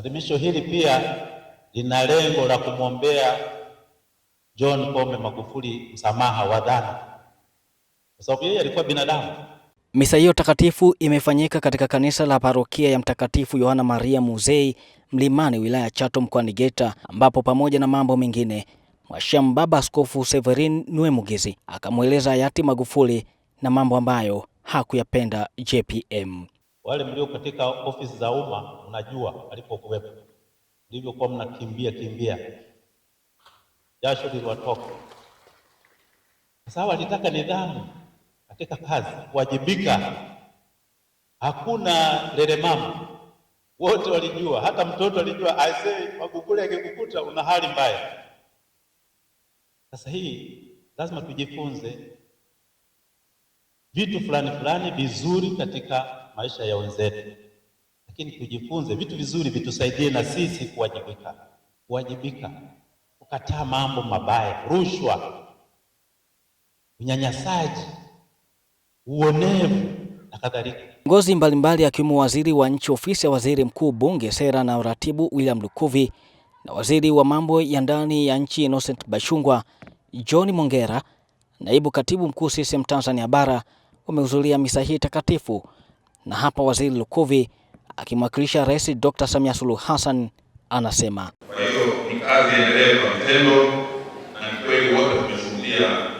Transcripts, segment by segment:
Adhimisho hili pia lina lengo la kumwombea John Pombe Magufuli msamaha wa dhana kwa sababu yeye alikuwa binadamu. Misa hiyo takatifu imefanyika katika kanisa la parokia ya Mtakatifu Yohana Maria Muzei Mlimani, wilaya Chato, mkoani Geita, ambapo pamoja na mambo mengine Mwashamu Baba Askofu Severin Niwemugizi akamweleza hayati Magufuli na mambo ambayo hakuyapenda JPM. Wale mlio katika ofisi za umma mnajua alipokuwepo ndivyokuwa mnakimbia kimbia, jasho liliwatoka. Sasa walitaka nidhamu katika kazi, kuwajibika. Hakuna lelemama, wote walijua, hata mtoto alijua. Aisee, Magufuli akikukuta una hali mbaya. Sasa hii lazima tujifunze vitu fulani fulani vizuri katika maisha ya wenzetu, lakini tujifunze vitu vizuri, vitusaidie na sisi kuwajibika, kuwajibika, kukataa mambo mabaya, rushwa, unyanyasaji, uonevu na kadhalika. Viongozi mbalimbali akiwemo waziri wa nchi, ofisi ya waziri mkuu, bunge, sera na uratibu William Lukuvi na waziri wa mambo ya ndani ya nchi Innocent Bashungwa, John Mongera, naibu katibu mkuu CCM Tanzania bara wamehudhuria misa hii takatifu na hapa Waziri Lukuvi akimwakilisha Rais Dr. Samia Suluhu Hassan anasema, kwa hiyo ni kazi endelevu kwa vitendo, na ni kweli wote tumeshuhudia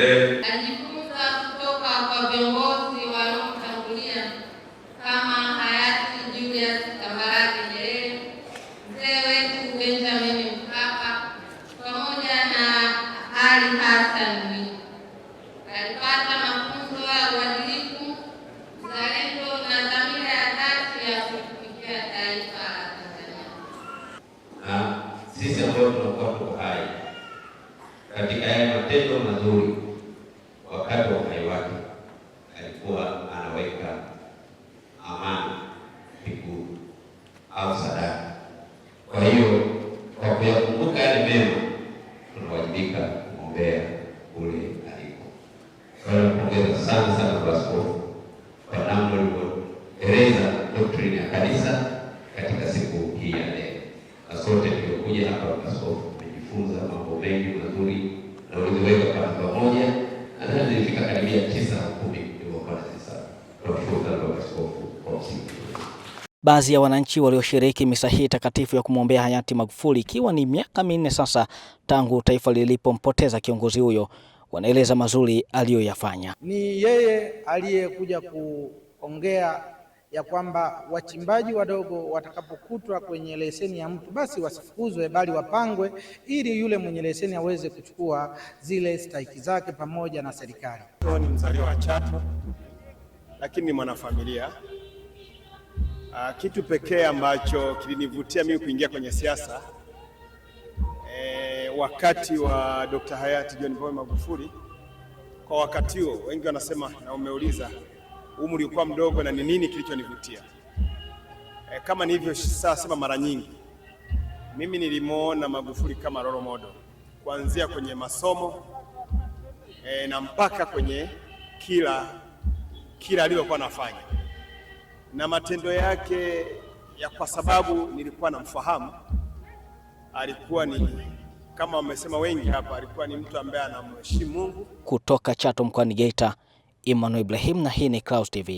maendeleo. Najifunza kutoka kwa viongozi wanaotangulia kama hayati Julius Kambarage Nyerere, mzee wetu Benjamin Mkapa pamoja na Ali Hassan Mwinyi. Alipata mafunzo ya uadilifu, uzalendo na dhamira ya dhati ya kutumikia taifa la Tanzania. sisi ambao tunakuwa tuko hai katika haya matendo mazuri wakati wa uhai wake alikuwa anaweka amana miguu au sadaka. Kwa hiyo kwa kuyakumbuka yale mema, tunawajibika kumwombea kule aliko. Kwa hiyo napongeza sana sana kwa askofu kwa namna ulivyoeleza doktrini ya kanisa katika siku hii ya leo, na tuliokuja hapa, askofu, umejifunza mambo mengi mazuri na uliziweka pamoja ilifika karibia tisa au kumi Baadhi ya wananchi walioshiriki misa hii takatifu ya kumwombea hayati Magufuli, ikiwa ni miaka minne sasa tangu taifa lilipompoteza kiongozi huyo, wanaeleza mazuri aliyoyafanya. Ni yeye aliyekuja kuongea ya kwamba wachimbaji wadogo watakapokutwa kwenye leseni ya mtu basi wasifukuzwe, bali wapangwe, ili yule mwenye leseni aweze kuchukua zile stahiki zake pamoja na serikali. Ni mzaliwa wa Chato, lakini ni mwanafamilia. Ah, kitu pekee ambacho kilinivutia mimi kuingia kwenye siasa e, wakati wa Dr. hayati John Pombe Magufuli, kwa wakati huo wengi wanasema na umeuliza umri ulikuwa mdogo na ni nini kilichonivutia. E, kama nilivyo saa sema mara nyingi, mimi nilimuona Magufuli kama role model kuanzia kwenye masomo e, na mpaka kwenye kila kila aliyokuwa anafanya na matendo yake ya, kwa sababu nilikuwa namfahamu, alikuwa ni kama wamesema wengi hapa, alikuwa ni mtu ambaye anamheshimu Mungu. Kutoka Chato mkoani Geita. Emmanuel Ibrahim na hii ni Clouds TV.